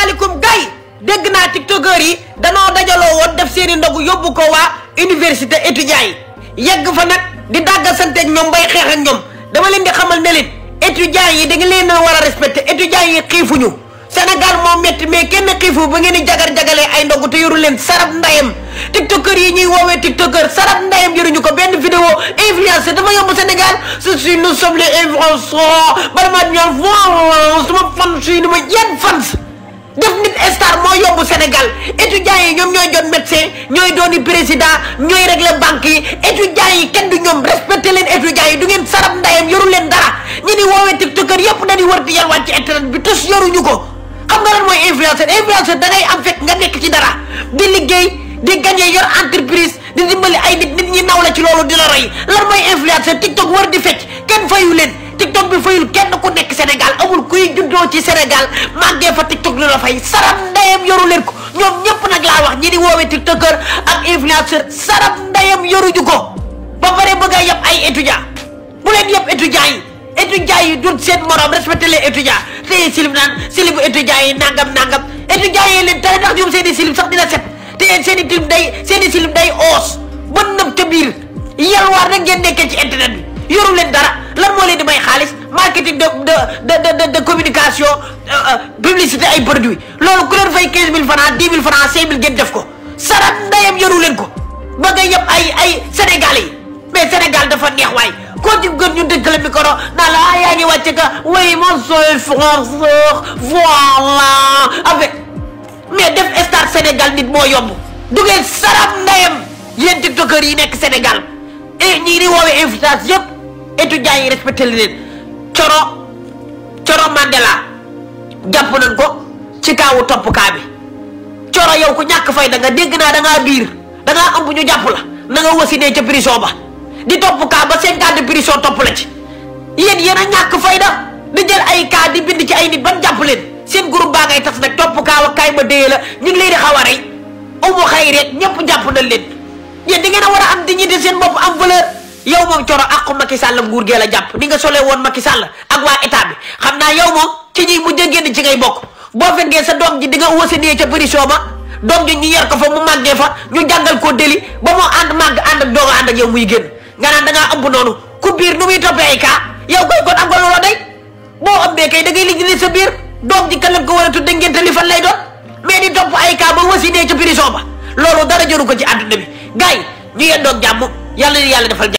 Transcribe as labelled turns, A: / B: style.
A: salaamaaleykum gay dégg naa tiktokeur yi danoo dajaloo woon def seen i ndogu yóbbu ko waa université étudiants yi yegg fa nag di dàgga santeeg ñoom bay xeex ak ñoom dama leen di xamal ne leen étudiants yi da nga leen a war a respecté étudiants yi xiifuñu Sénégal moo métti mais kenn xiifu ba ngeen di jagar-jagalee ay ndogu te yoru leen sarab ndayem tiktokeur yi ñuy woowee tiktokeur sarab ndayem yoruñu ko benn vidéo influenceur dafa yomb Sénégal su si nous sommes les influenceurs baramat ñoom fo ni ma yan def nit star moo yóbbu Sénégal étudiants yi ñoom ñooy jot médecin ñooy dooni président ñooy régler banque yi étudiants yi kenn du ñoom respecté leen étudiants yi du ngeen sarab ndayam yoru leen dara ñi ni woowee tiktokeur yëpp dañuy war di yalwaat ci internet bi tus ñu ko xam nga lan mooy influenceur influenceur da am fekk nga nekk ci dara di liggéey di gagné yor entreprise di dimbali ay nit nit ñi naw la ci loolu di la roy lan mooy influenceur tiktok war di fecc kenn fayu leen tiktok bi fayul nekk Sénégal juddoo ci Sénégal màggee fa TikTok lu la fay sarab ndeyam yoru leen ko ñoom ñëpp nag laa wax ñi di woowee tiktokeur ak influenceur sarab ndeyam yoruñu ko ba pare bëgg a yab ay étudiants bu leen yab étudiants yi étudiants yi dun seen morom respecté les étudiants tey silib naan silibu étudiants yi nangam nangam étudiants yi leen tere ndax ñoom seen i silib sax dina set te yéen seen i tilim day seen i silib day oos ba nëb te yalwaar na ngeen nekkee ci internet bi yoru leen dara lan moo leen di may xaalis marketing de de de de communication euh, euh, publicité ay produits loolu ku leen fay 15000 francs 10000 francs 5000 ngeen def ko sarat ndayam yaru leen ko ba nga yëpp ay ay sénégalais yi mais Sénégal dafa neex waay koo ci gën ñu dëgg la micro naan la ah, yaa ngi wàcc ka oui mon soeur français voilà avec mais def star Sénégal nit moo yomb du ngeen sarat ndayam yéen tiktokeur yi nekk Sénégal et ñi yëpp. étudiants yi respecté leen coro coro Mandela jàpp nañ ko ci kaawu topp kaa bi coro yow ko ñàkk fay da nga dégg naa da biir da ngaa ëmb ñu jàpp la na wasinee ca prison ba di topp kaa ba cinquante prison topp la ci yéen yéen a ñàkk fayda di jël ay kaa di bind ci ay nit ban jàpp leen seen groupe baa ngay tas nag topp kaa wa kaay ma déye la ñu leen di xaw a rey umu xay rek ñëpp jàpp nañ leen yéen da ngeen a war a am dignité seen bopp am valeur yow moom coro àqu Macky Sall nguur gee la jàpp ni nga solee woon Macky Sall ak waa état bi xam naa yow moom ci ñuy mujj a génn ci ngay bokk boo fekkee sa doom ji di nga ba doom ji ñu yar ko fa mu màggee fa ñu ba moo ànd màgg ànd ak dooga ànd ak yow da ngaa ëmb noonu ku biir nu muy toppee ay da ngay ko war a tudde ngénte li fan lay doon mais di topp ba wasinee ca prison ba loolu dara jëru ko ci àdduna bi gars yi ñu yendoog jàmm yàlla yàlla defal